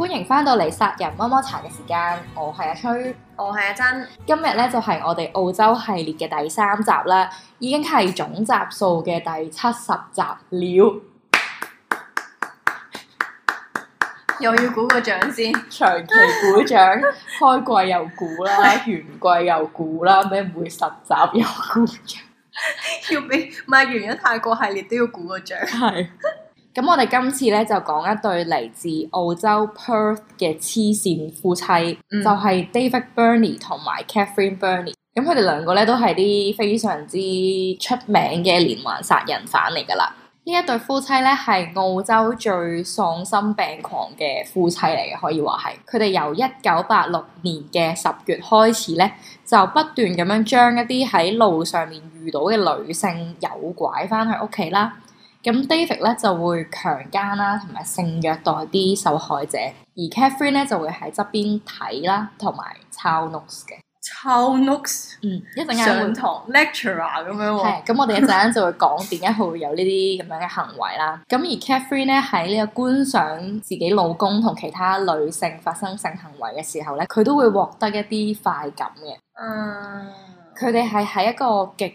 歡迎翻到嚟殺人乜乜茶嘅時間，我係阿崔，我係阿珍。今日咧就係、是、我哋澳洲系列嘅第三集啦，已經係總集數嘅第七十集了。又要鼓個掌先，長期鼓掌， 開季又鼓啦，完 季又鼓啦，咩每十集又鼓嘅？要俾咪完咗泰國系列都要鼓個掌，係。咁我哋今次咧就講一對嚟自澳洲 Perth 嘅黐線夫妻，嗯、就係 David Birnie 同埋 Catherine Birnie。咁佢哋兩個咧都係啲非常之出名嘅連環殺人犯嚟噶啦。呢一對夫妻咧係澳洲最喪心病狂嘅夫妻嚟嘅，可以話係。佢哋由一九八六年嘅十月開始咧，就不斷咁樣將一啲喺路上面遇到嘅女性誘拐翻去屋企啦。咁 David 咧就會強姦啦，同埋性虐待啲受害者，而 Catherine 咧就會喺側邊睇啦，同埋抄 notes 嘅。抄 notes？抄嗯，一陣間上堂會 lecturer 咁、嗯、樣。係，咁我哋一陣間就會講點解佢會有呢啲咁樣嘅行為啦。咁而 Catherine 咧喺呢個觀賞自己老公同其他女性發生性行為嘅時候咧，佢都會獲得一啲快感嘅。嗯，佢哋係喺一個極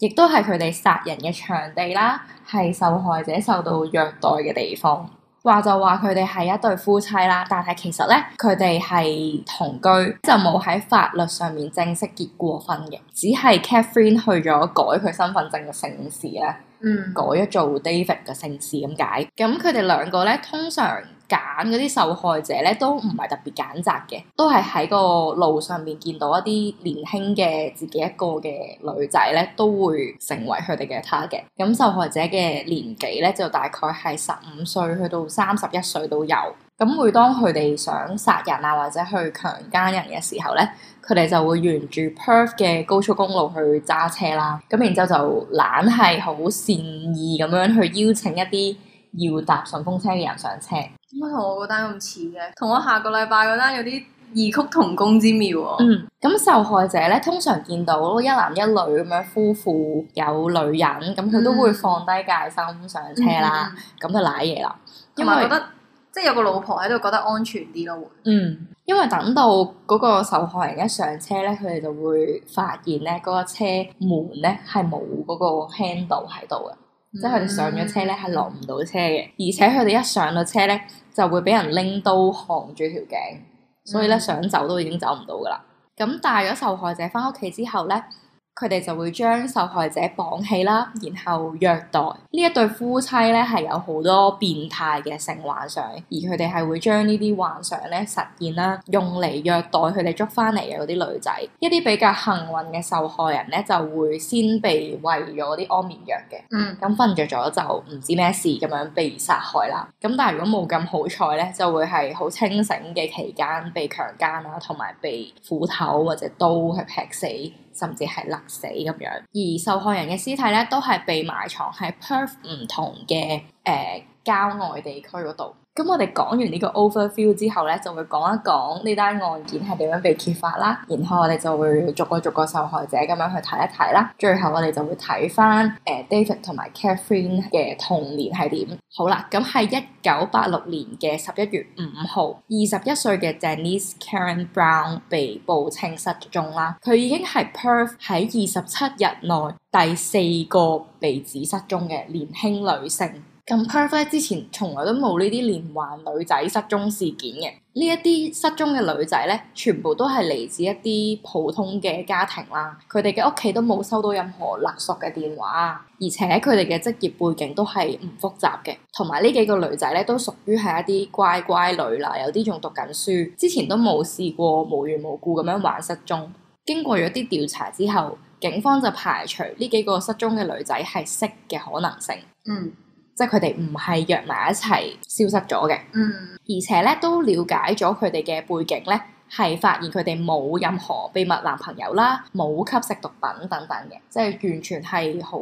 亦都係佢哋殺人嘅場地啦，係受害者受到虐待嘅地方。話就話佢哋係一對夫妻啦，但係其實咧，佢哋係同居就冇喺法律上面正式結過婚嘅，只係 Catherine 去咗改佢身份證嘅姓氏咧，嗯、改咗做 David 嘅姓氏咁解。咁佢哋兩個咧，通常揀嗰啲受害者咧都唔係特別揀擇嘅，都係喺個路上面見到一啲年輕嘅自己一個嘅女仔咧，都會成為佢哋嘅 target。咁受害者嘅年紀咧就大概係十五歲去到三十一歲都有。咁每當佢哋想殺人啊或者去強姦人嘅時候咧，佢哋就會沿住 Perth 嘅高速公路去揸車啦。咁然之後就懶係好善意咁樣去邀請一啲要搭順風車嘅人上車。點解同我嗰單咁似嘅？同我下個禮拜嗰單有啲異曲同工之妙喎、啊。嗯，咁受害者咧，通常見到一男一女咁樣夫婦有女人，咁佢都會放低戒心上車啦，咁、嗯啊嗯、就瀨嘢啦。因為覺得即係有個老婆喺度，覺得安全啲咯。嗯，因為等到嗰個受害人一上車咧，佢哋就會發現咧，嗰、嗰個車門咧係冇嗰個 handle 喺度嘅。即係佢哋上咗車咧，係落唔到車嘅，而且佢哋一上咗車咧，就會俾人拎刀行住條頸，所以咧想走都已經走唔到噶啦。咁帶咗受害者翻屋企之後咧。佢哋就會將受害者綁起啦，然後虐待。呢一對夫妻咧係有好多變態嘅性幻想，而佢哋係會將呢啲幻想咧實現啦，用嚟虐待佢哋捉翻嚟嘅嗰啲女仔。一啲比較幸運嘅受害人咧就會先被餵咗啲安眠藥嘅，嗯，咁瞓着咗就唔知咩事咁樣被殺害啦。咁但係如果冇咁好彩咧，就會係好清醒嘅期間被強姦啦，同埋被斧頭或者刀去劈死。甚至係勒死咁樣，而受害人嘅屍體咧都係被埋藏喺 Perth 唔同嘅誒、呃、郊外地區嗰度。咁我哋講完呢個 overview 之後咧，就會講一講呢單案件係點樣被揭發啦。然後我哋就會逐個逐個受害者咁樣去睇一睇啦。最後我哋就會睇翻誒 David 同埋 Catherine 嘅童年係點。好啦，咁係一九八六年嘅十一月五號，二十一歲嘅 Denise Karen Brown 被報稱失蹤啦。佢已經係 Perth 喺二十七日內第四個被指失蹤嘅年輕女性。咁 perfect 之前，從來都冇呢啲連環女仔失蹤事件嘅。呢一啲失蹤嘅女仔咧，全部都係嚟自一啲普通嘅家庭啦。佢哋嘅屋企都冇收到任何勒索嘅電話，而且佢哋嘅職業背景都係唔複雜嘅。同埋呢幾個女仔咧，都屬於係一啲乖乖女啦，有啲仲讀緊書，之前都冇試過無緣無故咁樣玩失蹤。經過咗啲調查之後，警方就排除呢幾個失蹤嘅女仔係識嘅可能性。嗯。即係佢哋唔係約埋一齊消失咗嘅，嗯、而且咧都了解咗佢哋嘅背景咧，係發現佢哋冇任何秘密男朋友啦，冇吸食毒品等等嘅，即係完全係好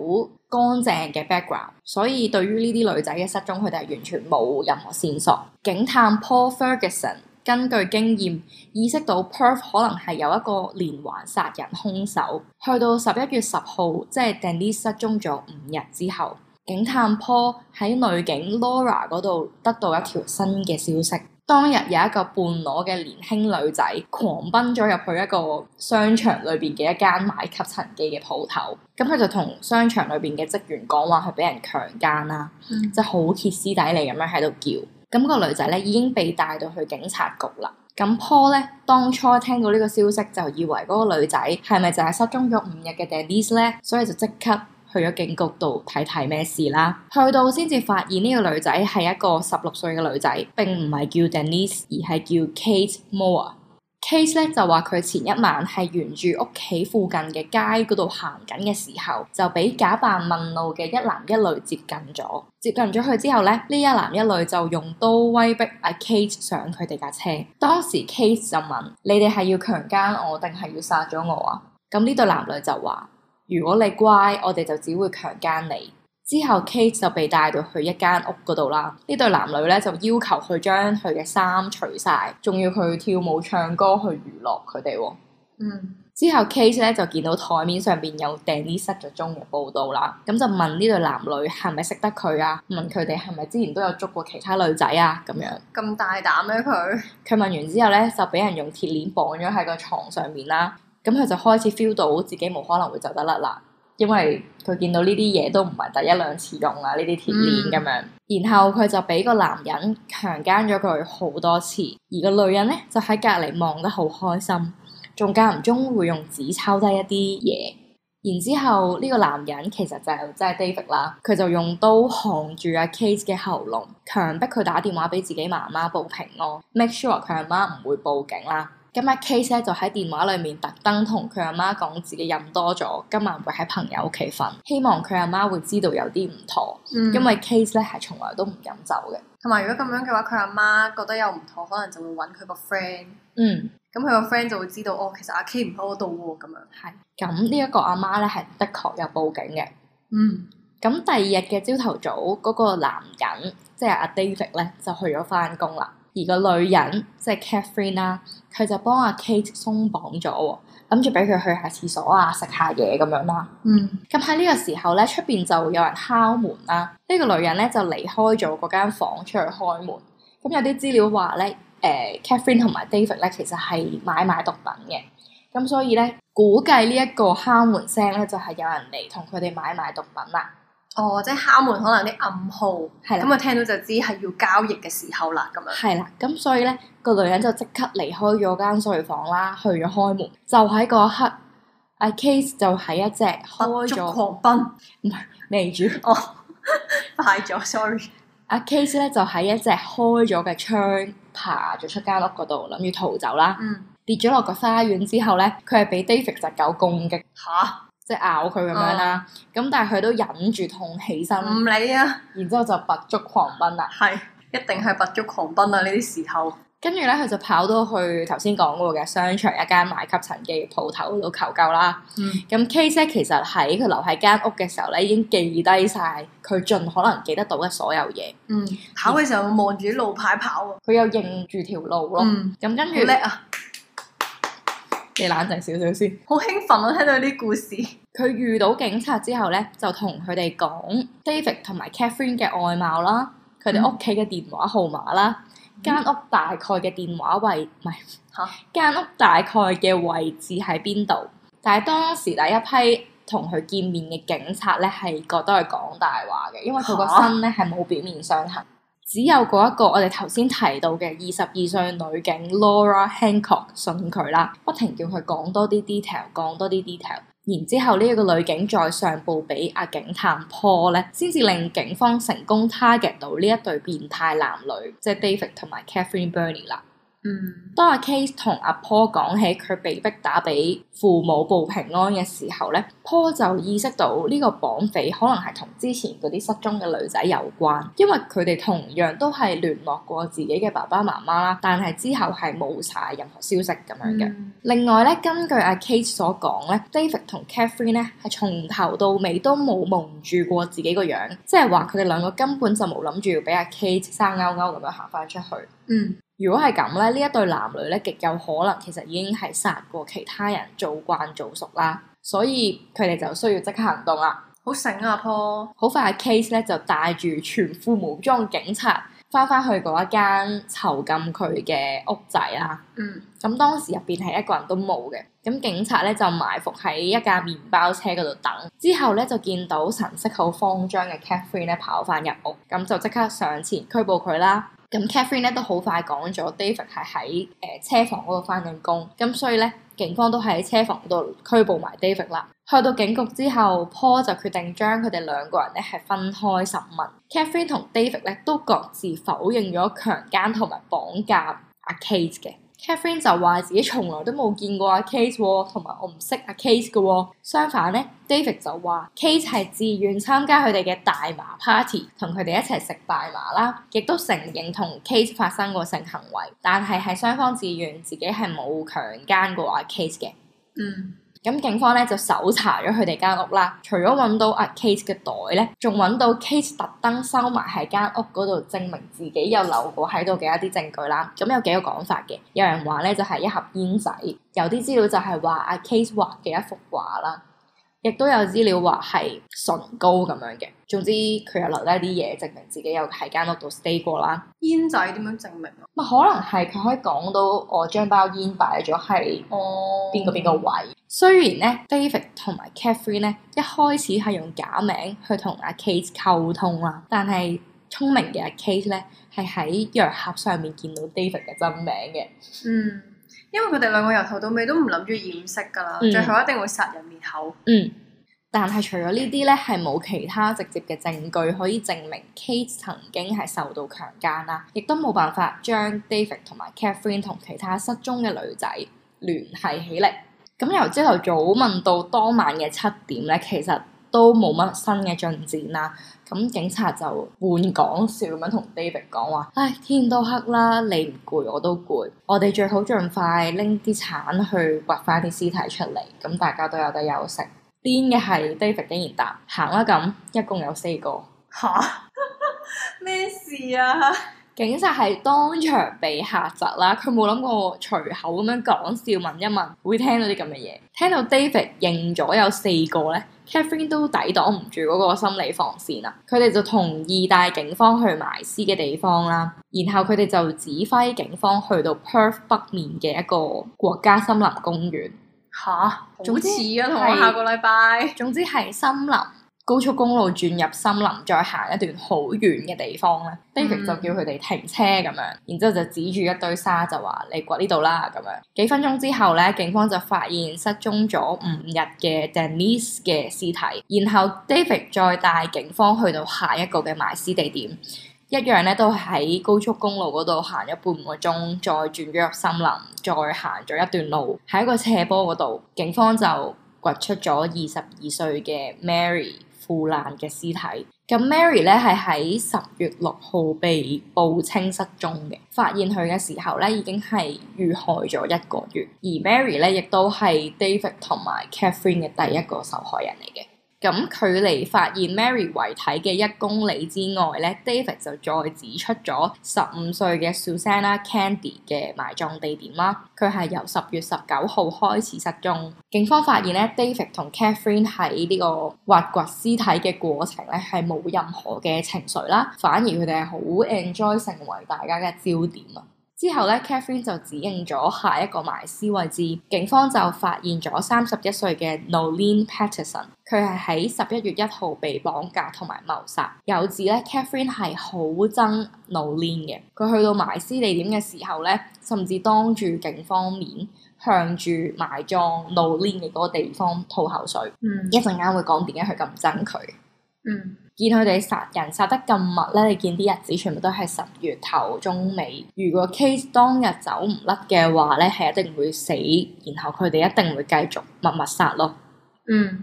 乾淨嘅 background。所以對於呢啲女仔嘅失蹤，佢哋係完全冇任何線索。警探 Paul Ferguson 根據經驗意識到 Perth 可能係有一個連環殺人兇手。去到十一月十號，即係 Denise 失蹤咗五日之後。警探 Paul 喺女警 Laura 嗰度得到一條新嘅消息。當日有一個半裸嘅年輕女仔狂奔咗入去一個商場裏邊嘅一間賣吸塵機嘅鋪頭。咁佢就同商場裏邊嘅職員講話，佢俾人強奸啦，嗯、即係好歇斯底里咁樣喺度叫。咁、嗰個女仔咧已經被帶到去警察局啦。咁 Paul 咧當初聽到呢個消息，就以為嗰個女仔係咪就係失蹤咗五日嘅 Denise 咧？所以就即刻。去咗警局度睇睇咩事啦，去到先至發現呢個女仔係一個十六歲嘅女仔，並唔係叫 Denise，而係叫 Kate Moore。Kate 咧就話佢前一晚係沿住屋企附近嘅街嗰度行緊嘅時候，就俾假扮問路嘅一男一女接近咗。接近咗佢之後咧，呢一男一女就用刀威逼阿 Kate 上佢哋架車。當時 Kate 就問：你哋係要強姦我，定係要殺咗我啊？咁呢對男女就話。如果你乖，我哋就只會強姦你。之後 Kate 就被帶到去一間屋嗰度啦。呢對男女咧就要求佢將佢嘅衫除晒，仲要佢跳舞唱歌去娛樂佢哋。嗯。之後 Kate 咧就見到台面上邊有 Denise 失咗蹤嘅報道啦，咁就問呢對男女係咪識得佢啊？問佢哋係咪之前都有捉過其他女仔啊？咁樣。咁大膽咧、啊、佢？佢問完之後咧就俾人用鐵鏈綁咗喺個床上面啦。咁佢就開始 feel 到自己冇可能會走得甩啦，因為佢見到呢啲嘢都唔係第一兩次用啦，呢啲鐵鏈咁樣。嗯、然後佢就俾個男人強奸咗佢好多次，而個女人咧就喺隔離望得好開心，仲間唔中會用紙抄低一啲嘢。然之後呢、呢個男人其實就真係、就係、David 啦，佢就用刀扛住阿 Kate 嘅喉嚨，強迫佢打電話俾自己媽媽報平安，make sure 佢阿媽唔會報警啦。咁晚 Case 咧就喺電話裏面特登同佢阿媽講自己飲多咗，今晚會喺朋友屋企瞓，希望佢阿媽會知道有啲唔妥，嗯、因為 Case 咧係從來都唔飲酒嘅。同埋如果咁樣嘅話，佢阿媽覺得有唔妥，可能就會揾佢個 friend。嗯，咁佢個 friend 就會知道哦，其實阿 K 唔喺嗰度喎，咁樣係。咁是呢一個阿媽咧係的確有報警嘅。嗯，咁第二日嘅朝頭早，嗰、嗰個男人即係阿 David 咧就去咗返工啦。而個女人即係 Catherine 啦，佢就幫阿 Kate 鬆綁咗，諗住俾佢去下廁所啊，食下嘢咁樣啦。嗯，咁喺呢個時候咧，出邊就有人敲門啦。呢個女人咧就離開咗嗰間房出去開門。咁有啲資料話咧，誒、呃、Catherine 同埋 David 咧其實係買賣毒品嘅。咁所以咧，估計呢一個敲門聲咧就係有人嚟同佢哋買賣毒品啦。哦，即係敲門可能啲暗號，咁啊聽到就知係要交易嘅時候啦，咁樣。係啦，咁所以咧個女人就即刻離開咗間睡房啦，去咗開門。就喺嗰刻，阿 Case 就喺一隻開咗狂奔，唔係匿住，快咗，sorry。阿 Case 咧就喺一隻開咗嘅窗爬咗出間屋嗰度，諗住逃走啦。嗯。跌咗落個花園之後咧，佢係俾 David 隻狗攻擊。吓！即係咬佢咁樣啦，咁但係佢都忍住痛起身，唔理啊，然之後就拔足狂奔啦，係一定係拔足狂奔啊呢啲時候。跟住咧，佢就跑到去頭先講過嘅商場一間賣吸塵機鋪頭度求救啦。咁 Casey 其實喺佢留喺間屋嘅時候咧，已經記低晒佢盡可能記得到嘅所有嘢。嗯，跑嘅時候望住啲路牌跑，佢又認住條路咯。嗯，咁跟住。好啊！你冷靜少少先，好興奮我、啊、聽到啲故事。佢遇到警察之後咧，就同佢哋講 David 同埋 Catherine 嘅外貌啦，佢哋屋企嘅電話號碼啦，嗯、間屋大概嘅電話位，唔係吓，間屋大概嘅位置喺邊度？但係當時第一批同佢見面嘅警察咧，係覺得係講大話嘅，因為佢個身咧係冇表面傷痕。哈只有嗰一個我哋頭先提到嘅二十二歲女警 Laura Hancock 信佢啦，不停叫佢講多啲 detail，講多啲 detail，然之後呢一個女警再上報俾阿警探 Paul 咧，先至令警方成功 target 到呢一對變態男女，即係 David 同埋 Catherine Birnie 啦。嗯，當阿 Kate 同阿 Paul 講起佢被逼打俾父母報平安嘅時候咧，Paul 就意識到呢個綁匪可能係同之前嗰啲失蹤嘅女仔有關，因為佢哋同樣都係聯絡過自己嘅爸爸媽媽啦，但係之後係冇查任何消息咁樣嘅。嗯、另外咧，根據阿 Kate 所講咧，David 同 Catherine 咧係從頭到尾都冇蒙住過自己個樣，即係話佢哋兩個根本就冇諗住要俾阿 Kate 生勾勾咁樣行翻出去。嗯。如果係咁咧，呢一對男女咧極有可能其實已經係殺過其他人，做慣做熟啦，所以佢哋就需要即刻行動啦。好醒啊，噃！好快呀，case 咧就帶住全副武裝警察翻返去嗰一間囚禁佢嘅屋仔啦。嗯。咁當時入邊係一個人都冇嘅，咁警察咧就埋伏喺一架麵包車嗰度等，之後咧就見到神色好慌張嘅 Catherine 咧跑翻入屋，咁就即刻上前拘捕佢啦。咁 Catherine 咧都好快講咗，David 係喺誒車房嗰度翻緊工，咁所以咧，警方都喺車房嗰度拘捕埋 David 啦。去到警局之後，Paul 就決定將佢哋兩個人咧係分開審問。Catherine 同 David 咧都各自否認咗強姦同埋綁架阿 Kate 嘅。Catherine 就話自己從來都冇見過阿 Case，同埋我唔識阿 Case 嘅。相反咧，David 就話 Case 係自願參加佢哋嘅大麻 party，同佢哋一齊食大麻啦，亦都承認同 Case 發生過性行為，但係係雙方自願，自己係冇強姦過阿 Case 嘅。嗯。咁警方咧就搜查咗佢哋間屋啦，除咗揾到阿 Kate 嘅袋咧，仲揾到 Kate 特登收埋喺間屋嗰度，證明自己有留過喺度嘅一啲證據啦。咁有幾個講法嘅，有人話咧就係、是、一盒煙仔，有啲資料就係話阿 Kate 畫嘅一幅畫啦，亦都有資料話係唇膏咁樣嘅。總之，佢又留低啲嘢證明自己有喺間屋度 stay 過啦。煙仔點樣證明啊？咪可能係佢可以講到我將包煙擺咗喺邊個邊個位。雖然咧，David 同埋 Catherine 咧一開始係用假名去同阿 Kate 溝通啦，但係聰明嘅阿 Kate 咧係喺藥盒上面見到 David 嘅真名嘅。嗯，因為佢哋兩個由頭到尾都唔諗住掩飾噶啦，嗯、最後一定會殺人滅口。嗯。但係除咗呢啲咧，係冇其他直接嘅證據可以證明 Kate 曾經係受到強奸啦，亦都冇辦法將 David 同埋 Catherine 同其他失蹤嘅女仔聯繫起嚟。咁由朝頭早問到當晚嘅七點咧，其實都冇乜新嘅進展啦。咁警察就換講笑咁樣同 David 講話：，唉，天都黑啦，你唔攰我都攰，我哋最好盡快拎啲鏟去掘翻啲屍體出嚟，咁大家都有得休息。癲嘅係 David 竟然答行啦咁，一共有四個吓咩 事啊？警察係當場被嚇窒啦，佢冇諗過隨口咁樣講笑問一問會聽到啲咁嘅嘢。聽到 David 認咗有四個咧，Katherine 都抵擋唔住嗰個心理防線啦！佢哋就同意帶警方去埋屍嘅地方啦，然後佢哋就指揮警方去到 Perth 北面嘅一個國家森林公園。吓，哈好似啊，同我下個禮拜，總之係森林高速公路轉入森林，再行一段好遠嘅地方咧。David，嗯、就叫佢哋停車咁樣，然之後就指住一堆沙就話你掘呢度啦咁樣。幾分鐘之後咧，警方就發現失蹤咗五日嘅 Denise 嘅屍體，然後 David 再帶警方去到下一個嘅埋屍地點。一樣咧，都喺高速公路嗰度行咗半個鐘，再轉咗入森林，再行咗一段路，喺一個斜坡嗰度，警方就掘出咗二十二歲嘅 Mary 腐爛嘅屍體。咁 Mary 咧係喺十月六號被報稱失蹤嘅，發現佢嘅時候咧已經係遇害咗一個月，而 Mary 咧亦都係 David 同埋 Catherine 嘅第一個受害人嚟嘅。咁距離發現 Mary 遺體嘅一公里之外咧，David 就再指出咗十五歲嘅 Susanna Candy 嘅埋葬地點啦。佢係由十月十九號開始失蹤。警方發現咧，David 同 Catherine 喺呢個挖掘屍體嘅過程咧，係冇任何嘅情緒啦，反而佢哋係好 enjoy 成為大家嘅焦點啊！之後咧，Catherine 就指認咗下一個埋屍位置，警方就發現咗三十一歲嘅 Nolene Patterson，佢係喺十一月一號被綁架同埋謀殺。有指咧，Catherine 係好憎 Nolene 嘅，佢 去到埋屍地點嘅時候咧，甚至當住警方面向住埋葬 Nolene 嘅嗰個地方吐口水。嗯、mm.，一陣間會講點解佢咁憎佢。嗯。見佢哋殺人殺得咁密咧，你見啲日子全部都係十月頭中尾。如果 case 當日走唔甩嘅話咧，係一定會死，然後佢哋一定會繼續密密殺咯。嗯，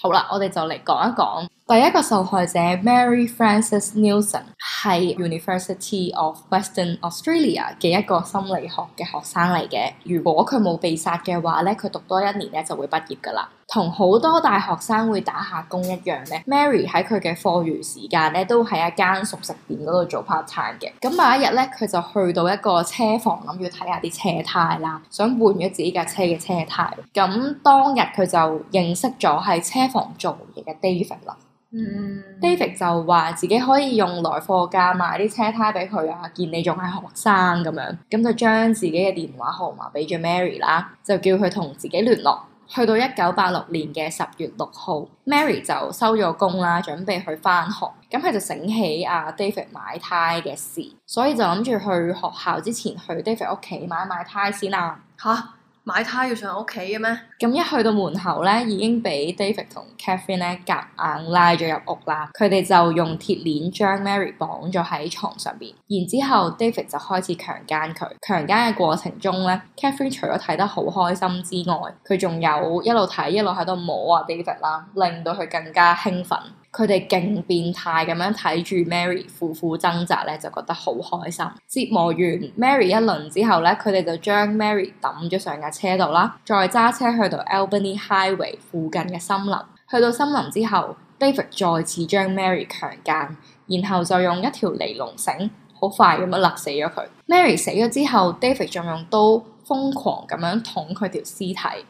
好啦，我哋就嚟講一講第一個受害者 Mary Frances Neilson，係 University of Western Australia 嘅一個心理學嘅學生嚟嘅。如果佢冇被殺嘅話咧，佢讀多一年咧就會畢業噶啦。同好多大學生會打下工一樣咧，Mary 喺佢嘅課餘時間咧，都喺一間熟食店嗰度做 part time 嘅。咁有一日咧，佢就去到一個車房，諗住睇下啲車胎啦，想換咗自己架車嘅車胎。咁當日佢就認識咗喺車房做嘢嘅 David 啦。嗯，David 就話自己可以用來貨價買啲車胎俾佢啊，見你仲係學生咁樣，咁就將自己嘅電話號碼俾咗 Mary 啦，就叫佢同自己聯絡。去到一九八六年嘅十月六號，Mary 就收咗工啦，準備去返學。咁佢就醒起阿 David 買胎嘅事，所以就諗住去學校之前去 David 屋企買買胎先啦。嚇！買呔要上屋企嘅咩？咁一去到門口咧，已經俾 David 同 Catherine 咧夾硬，硬拉咗入屋啦。佢哋就用鐵鏈將 Mary 綁咗喺床上邊，然之後 David 就開始強奸佢。強奸嘅過程中咧 ，Catherine 除咗睇得好開心之外，佢仲有一路睇一路喺度摸啊 David 啦，令到佢更加興奮。佢哋勁變態咁樣睇住 Mary 苦苦掙扎咧，就覺得好開心。折磨完 Mary 一輪之後咧，佢哋就將 Mary 揼咗上架車度啦，再揸車去到 Albany Highway 附近嘅森林。去到森林之後，David 再次將 Mary 強姦，然後就用一條尼龍繩好快咁樣勒死咗佢。 Mary 死咗之後，David 仲用刀。瘋狂咁樣捅佢條屍體，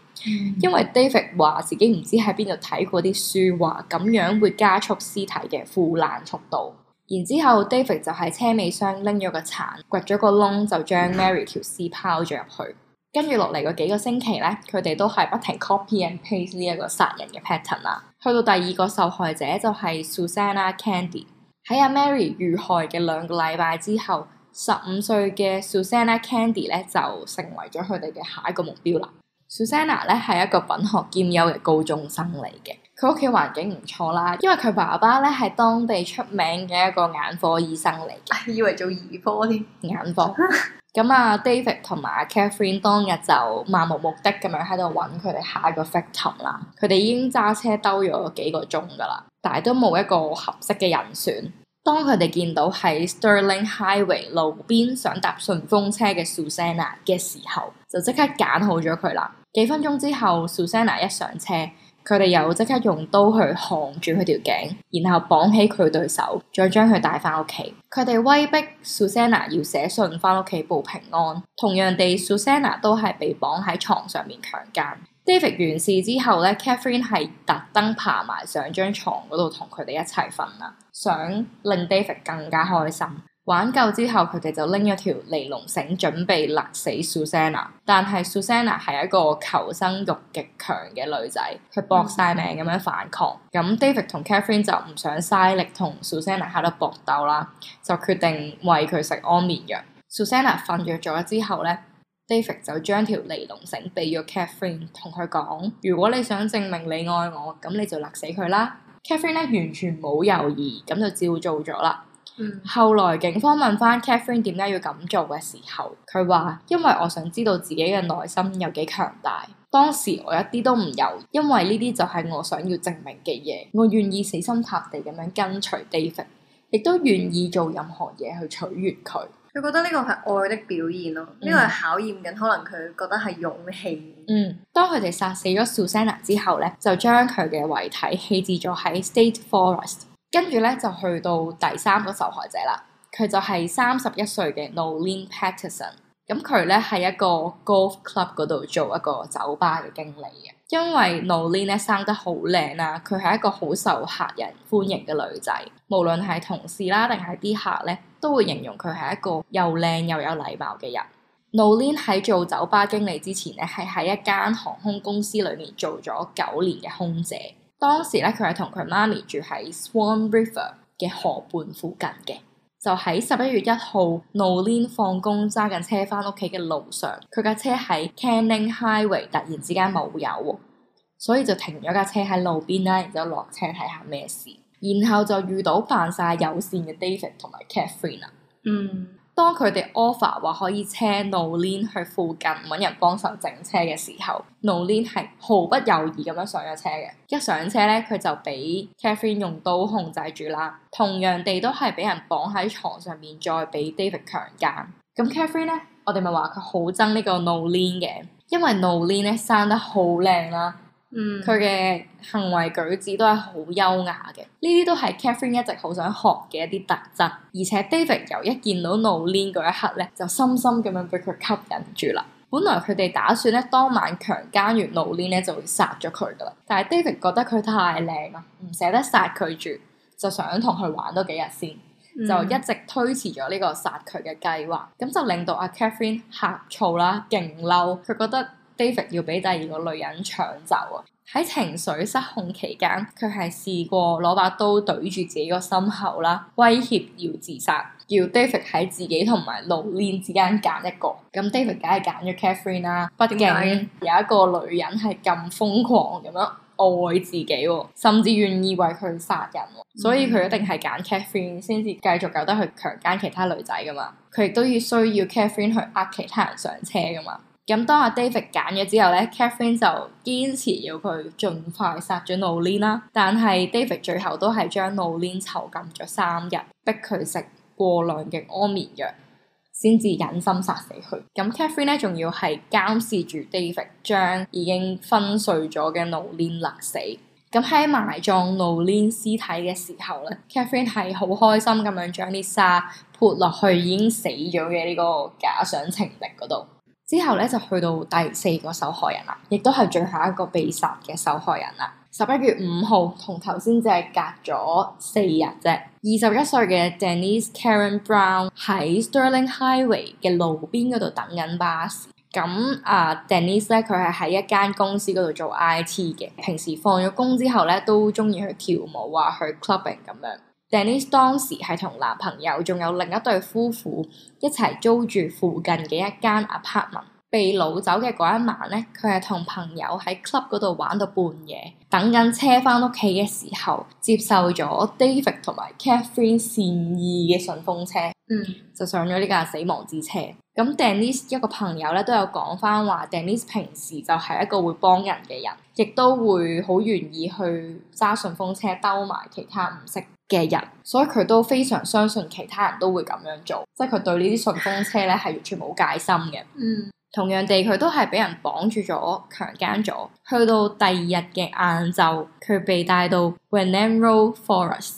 因為 David 話自己唔知喺邊度睇過啲書話，咁樣會加速屍體嘅腐爛速度。然之後 David 就喺車尾箱拎咗個鏟，掘咗個窿，就將 Mary 條屍拋咗入去。跟住落嚟嗰幾個星期咧，佢哋都係不停 copy and paste 呢一個殺人嘅 pattern 啦。去到第二個受害者就係 Susanna Candy，喺阿 Mary 遇害嘅兩個禮拜之後。十五歲嘅 Susanna Candy 咧就成為咗佢哋嘅下一個目標啦。Susanna 咧係一個品學兼優嘅高中生嚟嘅，佢屋企環境唔錯啦，因為佢爸爸咧係當地出名嘅一個眼科醫生嚟嘅。以為做兒科添？眼科。咁 啊，David 同埋 Catherine 當日就漫無目的咁樣喺度揾佢哋下一個 victim 啦。佢哋已經揸車兜咗幾個鐘噶啦，但係都冇一個合適嘅人選。當佢哋見到喺 Stirling Highway 路邊想搭順風車嘅 Susanna 嘅時候，就即刻揀好咗佢啦。幾分鐘之後，Susanna 一上車，佢哋又即刻用刀去焊住佢條頸，然後綁起佢對手，再將佢帶翻屋企。佢哋威逼 Susanna 要寫信翻屋企報平安。同樣地，Susanna 都係被綁喺床上面強姦。David 完事之後咧，Catherine 係特登爬埋上張床嗰度同佢哋一齊瞓啦，想令 David 更加開心。玩夠之後，佢哋就拎咗條尼龍繩準備勒死 Susanna，但係 Susanna 係一個求生欲極強嘅女仔，佢搏晒命咁樣反抗。咁、嗯、David 同 Catherine 就唔想嘥力同 Susanna 喺度搏鬥啦，就決定餵佢食安眠藥。Susanna 瞓着咗之後咧。David 就將條尼龍繩俾咗 Catherine，同佢講：如果你想證明你愛我，咁你就勒死佢啦。Catherine 咧完全冇猶豫，咁就照做咗啦。嗯、後來警方問翻 Catherine 點解要咁做嘅時候，佢話：因為我想知道自己嘅內心有幾強大。當時我一啲都唔猶豫，因為呢啲就係我想要證明嘅嘢，我願意死心塌地咁樣跟隨 David，亦都願意做任何嘢去取悦佢。佢覺得呢個係愛的表現咯，呢個係考驗緊，可能佢覺得係勇氣。嗯，當佢哋殺死咗 Susanna 之後咧，就將佢嘅遺體棄置咗喺 State Forest，跟住咧就去到第三個受害者啦。佢就係三十一歲嘅 Noelene Patterson，咁佢咧係一個 golf club 嗰度做一個酒吧嘅經理嘅。因為 Noeline 咧生得好靚啊，佢係一個好受客人歡迎嘅女仔，無論係同事啦定係啲客咧，都會形容佢係一個又靚又有禮貌嘅人。Noeline 喺做酒吧經理之前咧，係喺一間航空公司裏面做咗九年嘅空姐。當時咧，佢係同佢媽咪住喺 Swan River 嘅河畔附近嘅。就喺十一月一號路 n 放工揸緊車翻屋企嘅路上，佢架車喺 Canning Highway 突然之間冇油喎，所以就停咗架車喺路邊啦，然之後落車睇下咩事，然後就遇到扮晒友善嘅 David 同埋 Catherine。嗯。當佢哋 offer 話可以車 Nolene 去附近揾人幫手整車嘅時候，Nolene 係毫不猶豫咁樣上咗車嘅。一上車咧，佢就俾 Catherine 用刀控制住啦。同樣地，都係俾人綁喺床上面，再俾 David 強姦。咁 Catherine 咧，我哋咪話佢好憎呢個 Nolene 嘅，因為 Nolene 咧，生得好靚啦。佢嘅、嗯、行為舉止都係好優雅嘅，呢啲都係 Catherine 一直好想學嘅一啲特質。而且 David 由一見到 Noelene 嗰一刻咧，就深深咁樣被佢吸引住啦。本來佢哋打算咧當晚強姦完 Noelene 咧就會殺咗佢噶啦，但係 David 覺得佢太靚啦，唔捨得殺佢住，就想同佢玩多幾日先，嗯、就一直推遲咗呢個殺佢嘅計劃。咁就令到阿 Catherine 呷醋啦，勁嬲，佢覺得 David 要俾第二個女人搶走啊！喺情緒失控期間，佢係試過攞把刀對住自己個心口啦，威脅要自殺，要 David 喺自己同埋 Louise 之間揀一個。咁 David 梗係揀咗 Catherine 啦。畢竟有一個女人係咁瘋狂咁樣愛自己，甚至願意為佢殺人，嗯、所以佢一定係揀 Catherine 先至繼續有得去強姦其他女仔噶嘛。佢亦都要需要 Catherine 去呃其他人上車噶嘛。咁當阿 David 揀咗之後咧，Catherine 就堅持要佢盡快殺咗 Noelene 啦。但係 David 最後都係將 Noelene 囚禁咗三日，逼佢食過量嘅安眠藥，先至忍心殺死佢。咁 Catherine 咧仲要係監視住 David 將已經昏睡咗嘅 Noelene 勒死。咁喺埋葬 Noelene 屍體嘅時候咧 ，Catherine 係好開心咁樣將啲沙潑落去已經死咗嘅呢個假想情敵嗰度。之後咧就去到第四個受害人啦，亦都係最後一個被殺嘅受害人啦。十一月五號同頭先只係隔咗四日啫。二十一歲嘅 Denise Karen Brown 喺 Stirling Highway 嘅路邊嗰度等緊巴士。咁啊，Denise 咧佢係喺一間公司嗰度做 IT 嘅，平時放咗工之後咧都中意去跳舞啊，去 clubbing 咁樣。Dennis 當時係同男朋友，仲有另一對夫婦一齊租住附近嘅一間 apartment。被擄走嘅嗰一晚咧，佢係同朋友喺 club 嗰度玩到半夜，等緊車翻屋企嘅時候，接受咗 David 同埋 Catherine 善意嘅順風車，嗯，就上咗呢架死亡之車。咁、嗯、Denise 一個朋友咧都有講翻話，Denise 平時就係一個會幫人嘅人，亦都會好願意去揸順風車兜埋其他唔識嘅人，所以佢都非常相信其他人都會咁樣做，即係佢對呢啲順風車咧係完全冇戒心嘅。嗯，同樣地，佢都係俾人綁住咗、強姦咗。去到第二日嘅晏晝，佢被帶到 Wrenham Road Forest，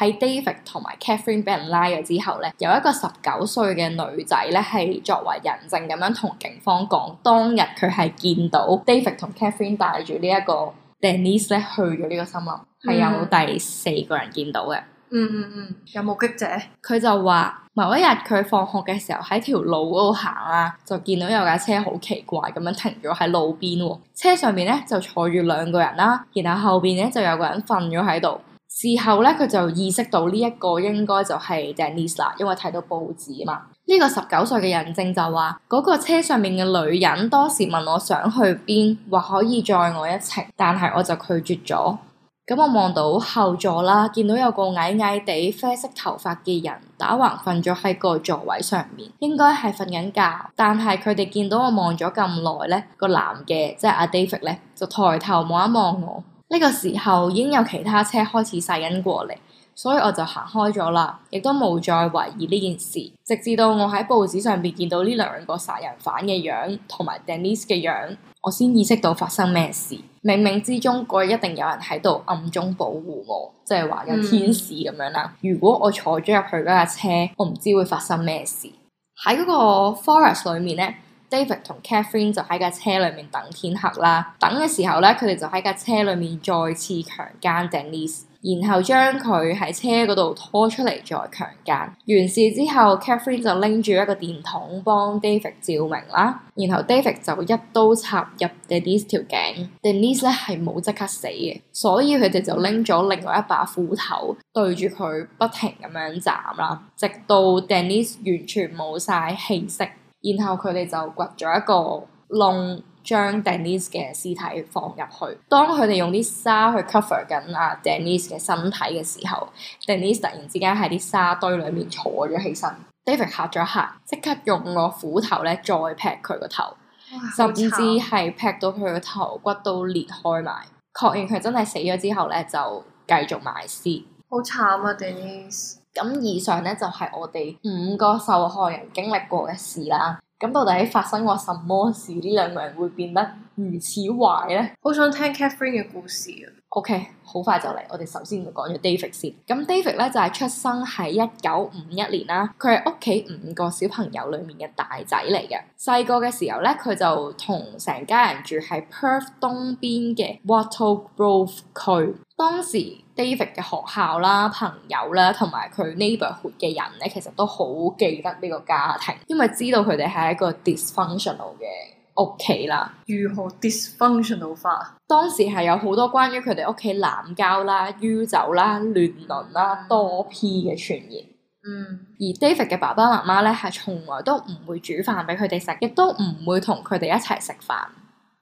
喺 David 同埋 Catherine 俾人拉咗之後咧，有一個十九歲嘅女仔咧係作為人證咁樣同警方講，當日佢係見到 David 同 Catherine 帶住呢、這、一個。Denise 咧去咗呢個森林，係、mm hmm. 有第四個人見到嘅。嗯嗯嗯，hmm. 有目擊者。佢就話某一日佢放學嘅時候喺條路嗰度行啦，就見到有架車好奇怪咁樣停咗喺路邊喎、啊。車上面咧就坐住兩個人啦、啊，然後後邊咧就有個人瞓咗喺度。事後咧佢就意識到呢一個應該就係 Denise 啦，因為睇到報紙嘛。呢個十九歲嘅人證就話，嗰、那個車上面嘅女人當時問我想去邊，話可以載我一程，但係我就拒絕咗。咁我望到後座啦，見到有個矮矮地啡色頭髮嘅人打橫瞓咗喺個座位上面，應該係瞓緊覺。但係佢哋見到我望咗咁耐咧，個男嘅即係阿 David 咧，就抬頭望一望我。呢、這個時候已經有其他車開始駛緊過嚟。所以我就行開咗啦，亦都冇再懷疑呢件事，直至到我喺報紙上邊見到呢兩個殺人犯嘅樣同埋 Denise 嘅樣，我先意識到發生咩事。冥冥之中，嗰日一定有人喺度暗中保護我，即係話有天使咁樣啦。嗯、如果我坐咗入去嗰架車，我唔知會發生咩事。喺嗰個 forest 裏面咧，David 同 Catherine 就喺架車裏面等天黑啦。等嘅時候咧，佢哋就喺架車裏面再次強姦 Denise。然後將佢喺車嗰度拖出嚟再強奸完事之後，Catherine 就拎住一個電筒幫 David 照明啦。然後 David 就一刀插入 Denise 條頸，Denise 咧係冇即刻死嘅，所以佢哋就拎咗另外一把斧頭對住佢不停咁樣斬啦，直到 Denise 完全冇晒氣息，然後佢哋就掘咗一個窿。將 Denise 嘅屍體放入去，當佢哋用啲沙去 cover 緊阿 Denise 嘅身體嘅時候 ，Denise 突然之間喺啲沙堆裡面坐咗起身 ，David 嚇咗一嚇，即刻用個斧頭咧再劈佢個頭，哇甚至係劈到佢個頭骨都裂開埋，確認佢真係死咗之後咧就繼續埋屍，好慘啊 Denise！咁以上咧就係我哋五個受害人經歷過嘅事啦。咁到底喺發生過什麼事呢？兩個人會變得如此壞咧？好想聽 Catherine 嘅故事。OK，好快就嚟。我哋首先就講咗 David 先。咁 David 咧就係出生喺一九五一年啦。佢係屋企五個小朋友裡面嘅大仔嚟嘅。細個嘅時候咧，佢就同成家人住喺 Perth 東邊嘅 Wattle Grove 區。當時 David 嘅學校啦、朋友啦同埋佢 neighborhood 嘅人咧，其實都好記得呢個家庭，因為知道佢哋係一個 dysfunctional 嘅屋企啦。如何 dysfunctional 化？當時係有好多關於佢哋屋企濫交啦、酗酒啦、亂倫啦、多 P 嘅傳言。嗯。而 David 嘅爸爸媽媽咧，係從來都唔會煮飯俾佢哋食，亦都唔會同佢哋一齊食飯。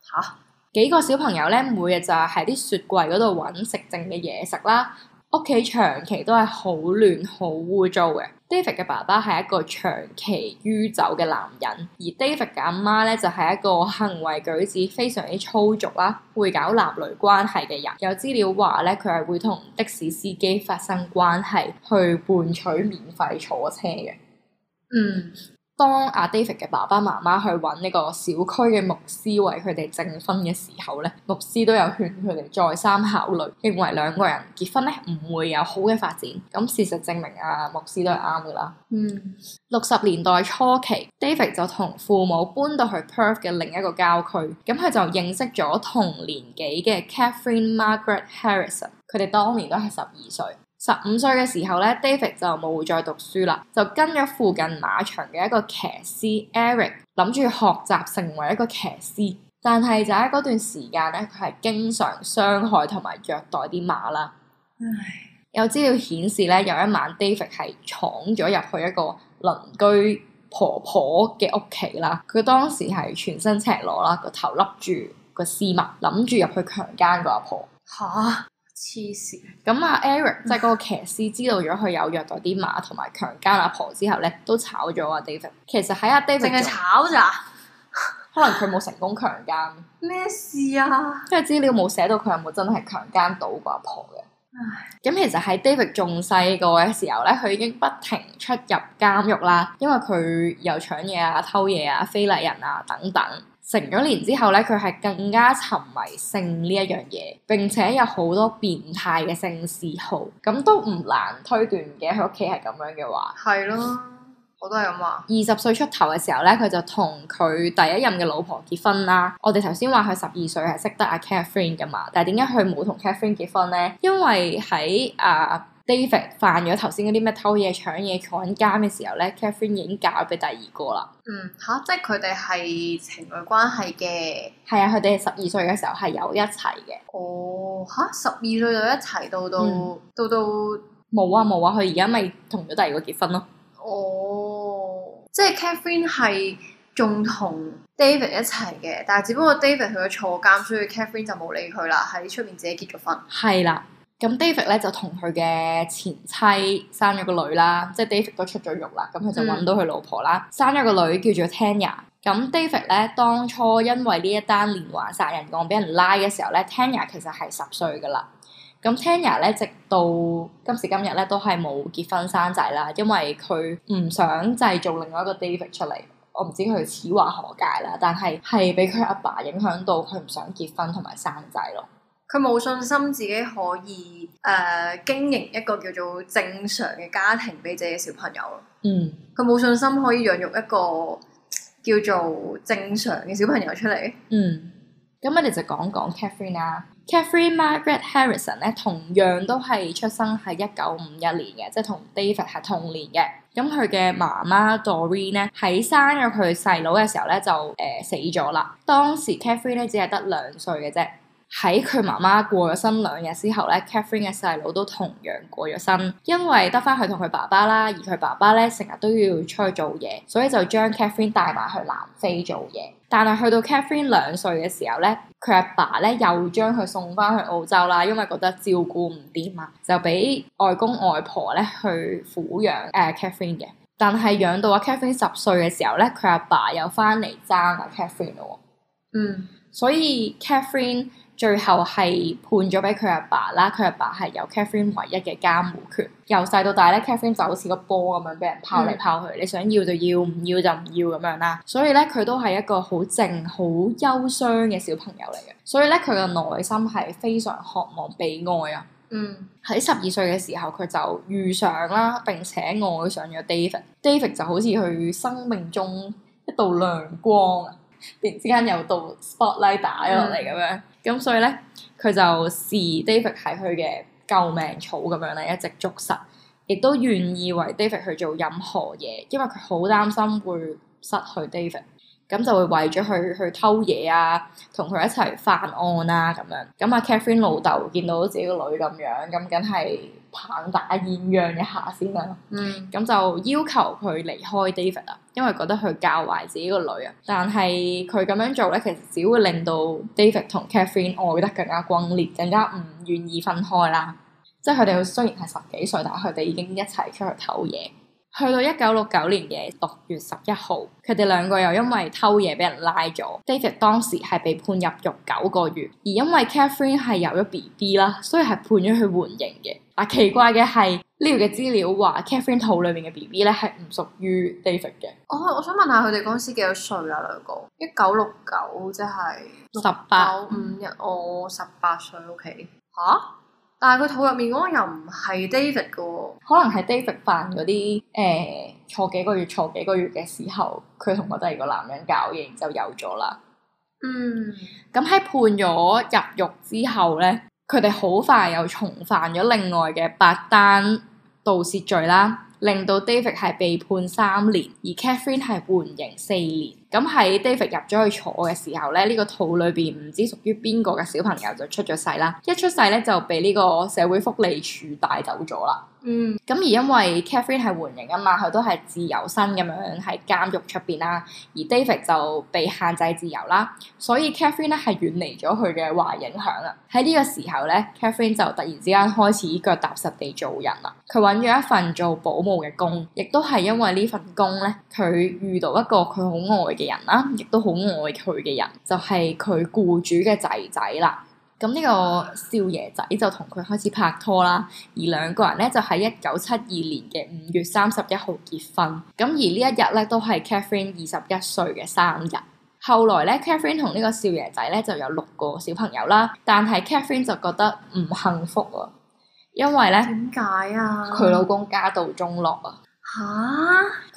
嚇！幾個小朋友咧，每日就係喺啲雪櫃嗰度揾食剩嘅嘢食啦。屋企長期都係好亂、好污糟嘅。David 嘅爸爸係一個長期酗酒嘅男人，而 David 嘅阿媽咧就係一個行為舉止非常之粗俗啦，會搞男女關係嘅人。有資料話咧，佢係會同的士司機發生關係，去換取免費坐車嘅。嗯。當阿 David 嘅爸爸媽媽去揾呢個小區嘅牧師為佢哋證婚嘅時候咧，牧師都有勸佢哋再三考慮，認為兩個人結婚咧唔會有好嘅發展。咁事實證明阿、啊、牧師都係啱噶啦。嗯，六十年代初期，David 就同父母搬到去 Perth 嘅另一個郊區，咁佢就認識咗同年紀嘅 Catherine Margaret Harrison，佢哋當年都係十二歲。十五歲嘅時候咧，David 就冇再讀書啦，就跟咗附近馬場嘅一個騎師 Eric 諗住學習成為一個騎師，但係就喺嗰段時間咧，佢係經常傷害同埋虐待啲馬啦。唉，有資料顯示咧，有一晚 David 係闖咗入去一個鄰居婆婆嘅屋企啦，佢當時係全身赤裸啦，個頭笠住個絲襪，諗住入去強姦個阿婆。吓！黐線，咁啊 Eric 即係嗰個騎師、嗯、知道咗佢有虐待啲馬同埋強姦阿婆之後咧，都炒咗啊 David。其實喺阿 David，淨係炒咋， 可能佢冇成功強姦？咩事啊？因為資料冇寫到佢有冇真係強姦到個阿婆嘅。唉，咁其實喺 David 仲細個嘅時候咧，佢已經不停出入監獄啦，因為佢又搶嘢啊、偷嘢啊、非禮人啊等等。成咗年之後咧，佢係更加沉迷性呢一樣嘢，並且有好多變態嘅性嗜好。咁都唔難推斷嘅，佢屋企係咁樣嘅話，係咯。我都係咁啊。二十歲出頭嘅時候咧，佢就同佢第一任嘅老婆結婚啦。我哋頭先話佢十二歲係識得阿 Catherine 噶嘛，但係點解佢冇同 Catherine 結婚咧？因為喺啊、uh, David 犯咗頭先嗰啲咩偷嘢搶嘢坐緊監嘅時候咧，Catherine 已經嫁俾第二個啦。嗯，吓，即係佢哋係情侶關係嘅。係啊，佢哋十二歲嘅時候係有一齊嘅。哦，吓，十二歲就一齊到到到到冇啊冇啊，佢而家咪同咗第二個結婚咯。哦。即係 Catherine 係仲同 David 一齊嘅，但係只不過 David 去咗坐監，所以 Catherine 就冇理佢啦，喺出邊自己結咗婚係啦。咁 David 咧就同佢嘅前妻生咗個女啦，即係 David 都出咗獄啦，咁佢就揾到佢老婆啦，嗯、生咗個女叫做 Tanya。咁 David 咧當初因為呢一單連環殺人案俾人拉嘅時候咧，Tanya 其實係十歲噶啦。咁 Tanner 咧，直到今時今日咧，都係冇結婚生仔啦，因為佢唔想製造另外一個 David 出嚟。我唔知佢此話何解啦，但係係俾佢阿爸影響到，佢唔想結婚同埋生仔咯。佢冇信心自己可以誒、呃、經營一個叫做正常嘅家庭俾自己嘅小朋友。嗯。佢冇信心可以養育一個叫做正常嘅小朋友出嚟。嗯。咁我哋就講講 Catherine 啦、啊。Catherine Margaret Harrison 咧，同樣都係出生喺一九五一年嘅，即同 David 係同年嘅。咁佢嘅媽媽 Doreen 喺生咗佢細佬嘅時候咧，就、呃、死咗啦。當時 Catherine 咧，只係得兩歲嘅啫。喺佢媽媽過咗身兩日之後咧，Catherine 嘅細佬都同樣過咗身，因為得翻佢同佢爸爸啦，而佢爸爸咧，成日都要出去做嘢，所以就將 Catherine 帶埋去南非做嘢。但係去到 Catherine 兩歲嘅時候咧，佢阿爸咧又將佢送翻去澳洲啦，因為覺得照顧唔掂啊，就俾外公外婆咧去撫養誒 Catherine、呃、嘅。但係養到阿 Catherine 十歲嘅時候咧，佢阿爸，爸又翻嚟爭阿 Catherine 咯、哦。嗯，所以 Catherine。最後係判咗俾佢阿爸啦，佢阿爸係由 Catherine 唯一嘅監護權，由細到大咧，Catherine 就好似個波咁樣俾人拋嚟拋去，嗯、你想要就要，唔要就唔要咁樣啦。所以咧，佢都係一個好靜、好憂傷嘅小朋友嚟嘅。所以咧，佢嘅內心係非常渴望被愛啊。嗯，喺十二歲嘅時候，佢就遇上啦，並且愛上咗 David。David 就好似佢生命中一道亮光。突然之間又到 spotlight 打咗落嚟咁樣，咁、嗯、所以咧佢就視 David 係佢嘅救命草咁樣咧，一直捉實，亦都願意為 David 去做任何嘢，因為佢好擔心會失去 David。咁就會為咗佢去偷嘢啊，同佢一齊犯案啊。咁樣。咁阿 Catherine 老豆見到自己個女咁樣，咁梗係棒打鴛鴦一下先啦。嗯，咁就要求佢離開 David 啊，因為覺得佢教壞自己個女啊。但係佢咁樣做咧，其實只會令到 David 同 Catherine 愛得更加轟烈，更加唔願意分開啦。即係佢哋雖然係十幾歲，但係佢哋已經一齊出去偷嘢。去到一九六九年嘅六月十一號，佢哋兩個又因為偷嘢俾人拉咗。David 當時係被判入獄九個月，而因為 Catherine 係有咗 B B 啦，所以係判咗去緩刑嘅。嗱，奇怪嘅係呢度嘅資料話，Catherine 肚裏面嘅 B B 咧係唔屬於 David 嘅。我我想問下佢哋公司幾多歲啊？兩個一九六九即係十八九五一，我十八歲 OK 吓。但係佢肚入面嗰個又唔係 David 嘅，可能係 David 犯嗰啲誒坐幾個月坐幾個月嘅時候，佢同我第二個男人搞嘢就有咗啦。嗯，咁喺判咗入獄之後咧，佢哋好快又重犯咗另外嘅八單盜竊罪啦，令到 David 係被判三年，而 Catherine 係緩刑四年。咁喺 David 入咗去坐嘅時候咧，呢個肚裏邊唔知屬於邊個嘅小朋友就出咗世啦。一出世咧就俾呢個社會福利處帶走咗啦。嗯，咁而因為 Catherine 係緩刑啊嘛，佢都係自由身咁樣，喺監獄出邊啦。而 David 就被限制自由啦，所以 Catherine 咧係遠離咗佢嘅壞影響啊。喺呢個時候咧，Catherine 就突然之間開始腳踏實地做人啦。佢揾咗一份做保姆嘅工，亦都係因為呢份工咧，佢遇到一個佢好愛。嘅人啦，亦都好愛佢嘅人，就係佢雇主嘅仔仔啦。咁呢個少爺仔就同佢開始拍拖啦，而兩個人咧就喺一九七二年嘅五月三十一號結婚。咁而呢一日咧都係 Catherine 二十一歲嘅生日。後來咧 ，Catherine 同呢個少爺仔咧就有六個小朋友啦，但係 Catherine 就覺得唔幸福啊，因為咧點解啊？佢老公家道中落啊。吓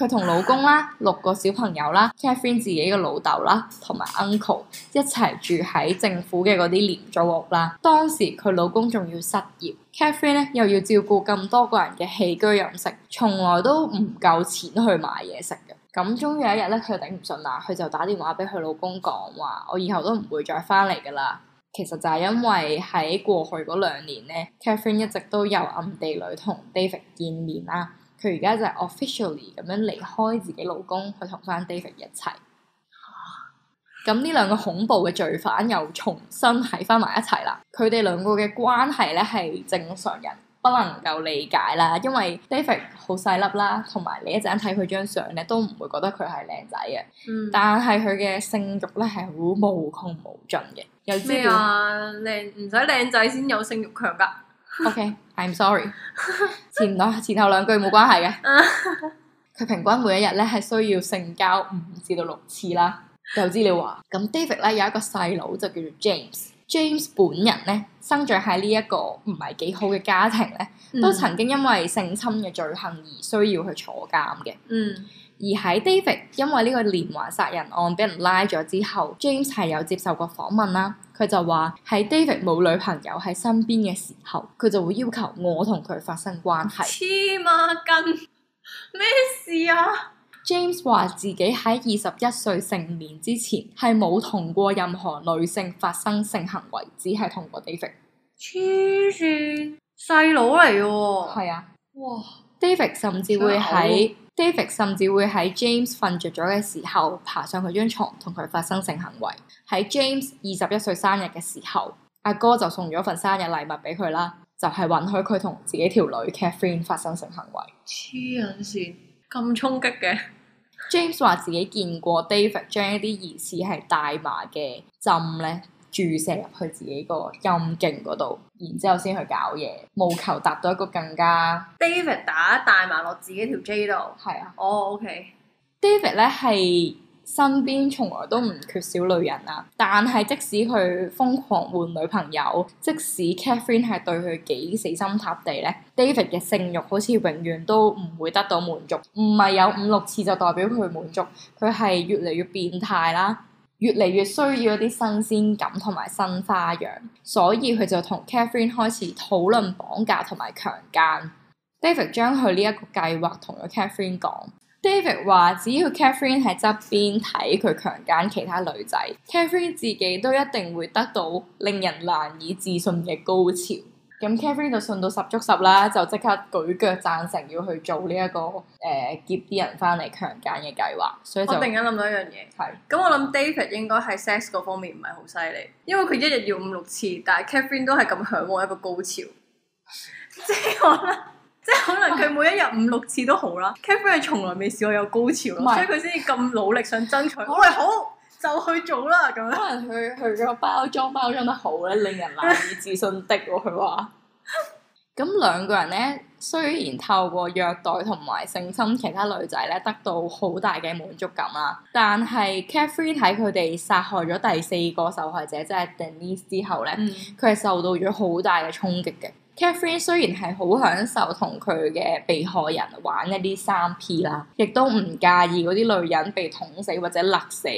佢同老公啦，六個小朋友啦 ，Catherine 自己嘅老豆啦，同埋 uncle 一齊住喺政府嘅嗰啲廉租屋啦。當時佢老公仲要失業，Catherine 咧又要照顧咁多個人嘅起居飲食，從來都唔夠錢去買嘢食嘅。咁終於有一日咧，佢頂唔順啦，佢就打電話俾佢老公講話：我以後都唔會再翻嚟噶啦。其實就係因為喺過去嗰兩年咧，Catherine 一直都有暗地裏同 David 見面啦。佢而家就係 officially 咁樣離開自己老公，去同翻 David 一齊。咁呢兩個恐怖嘅罪犯又重新喺翻埋一齊啦。佢哋兩個嘅關係咧係正常人不能夠理解啦，因為 David 好細粒啦，同埋你一陣間睇佢張相咧都唔會覺得佢係靚仔嘅。嗯、但係佢嘅性慾咧係好無窮無盡嘅。咩啊？靚唔使靚仔先有性慾強㗎？O.K. I'm sorry， 前兩前後兩句冇關係嘅。佢 平均每一日咧係需要性交五至到六次啦。就知你話，咁 David 咧有一個細佬就叫做 James。James 本人咧生長喺呢一個唔係幾好嘅家庭咧，都曾經因為性侵嘅罪行而需要去坐監嘅。 嗯。而喺 David 因為呢個連環殺人案畀人拉咗之後，James 係有接受過訪問啦。佢就話喺 David 冇女朋友喺身邊嘅時候，佢就會要求我同佢發生關係。黐孖筋咩事啊？James 話自己喺二十一歲成年之前係冇同過任何女性發生性行為，只係同過 David。黐線細佬嚟喎，係啊，哇！David 甚至會喺 David 甚至會喺 James 瞓着咗嘅時候爬上佢張床同佢發生性行為。喺 James 二十一歲生日嘅時候，阿哥就送咗份生日禮物俾佢啦，就係允許佢同自己條女 Catherine 發生性行為。黐撚線咁衝擊嘅。James 話自己見過 David 將一啲疑似係大麻嘅針咧。注射入去自己個陰莖嗰度，然之後先去搞嘢，務求達到一個更加。David 打帶埋落自己條 J 度，係啊，哦、oh，OK David。David 咧係身邊從來都唔缺少女人啊，但係即使佢瘋狂換女朋友，即使 Katherine 係對佢幾死心塌地咧，David 嘅性欲好似永遠都唔會得到滿足，唔係有五六次就代表佢滿足，佢係越嚟越變態啦。越嚟越需要一啲新鮮感同埋新花樣，所以佢就同 Catherine 開始討論綁架同埋強姦。David 將佢呢一個計劃同咗 Catherine 講，David 話只要 Catherine 喺側邊睇佢強姦其他女仔，Catherine 自己都一定會得到令人難以置信嘅高潮。咁 Catherine 就信到十足十啦，就即刻舉腳贊成要去做呢、這、一個誒、呃、劫啲人翻嚟強姦嘅計劃，所以我突然間諗到一樣嘢，係咁是我諗 David 應該係 sex 嗰方面唔係好犀利，因為佢一日要五六次，但係 Catherine 都係咁嚮往一個高潮， 即係我咧，即係可能佢每一日五六次都好啦 Catherine 從來未試過有高潮，是所以佢先至咁努力想爭取， 好係好。就去做啦，咁可能佢佢個包裝包裝得好咧，令人難以置信的。佢話：咁兩 個人咧，雖然透過虐待同埋性侵其他女仔咧，得到好大嘅滿足感啦，但係 Catherine 喺佢哋殺害咗第四個受害者即係、就是、Denise 之後咧，佢係、嗯、受到咗好大嘅衝擊嘅。 Catherine 雖然係好享受同佢嘅被害人玩一啲三 P 啦，亦都唔介意嗰啲女人被捅死或者勒死。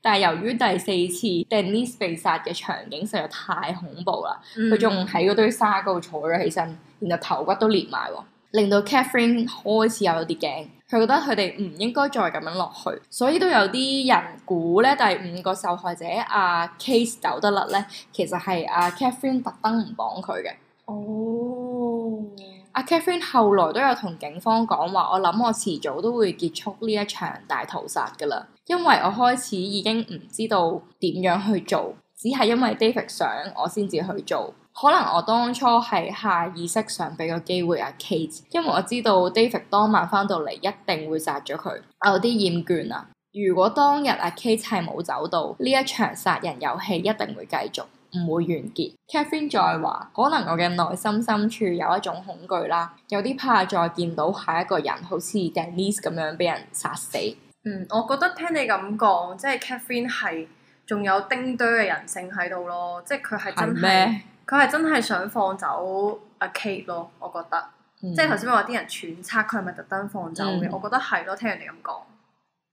但係由於第四次 Denise 被殺嘅場景實在太恐怖啦，佢仲喺嗰堆沙嗰度坐咗起身，然後頭骨都裂埋喎，令到 Catherine 開始有啲驚，佢覺得佢哋唔應該再咁樣落去，所以都有啲人估咧第五個受害者阿、啊、Case 走得甩咧，其實係阿、啊啊、Catherine 特登唔綁佢嘅。哦，阿、啊、Catherine 後來都有同警方講話，我諗我遲早都會結束呢一場大屠殺㗎啦。因為我開始已經唔知道點樣去做，只係因為 David 想我先至去做。可能我當初係下意識想俾個機會阿 Kate，因為我知道 David 當晚翻到嚟一定會殺咗佢。我有啲厭倦啊！如果當日阿 Kate 係冇走到，呢一場殺人遊戲一定會繼續，唔會完結。Catherine 再話：可能我嘅內心深處有一種恐懼啦，有啲怕再見到下一個人好似 Denise 咁樣俾人殺死。嗯，我覺得聽你咁講，即係 Catherine 係仲有丁堆嘅人性喺度咯，即係佢係真係佢係真係想放走阿 Kate 咯，我覺得。嗯、即係頭先我話啲人揣測佢係咪特登放走嘅，嗯、我覺得係咯，聽人哋咁講。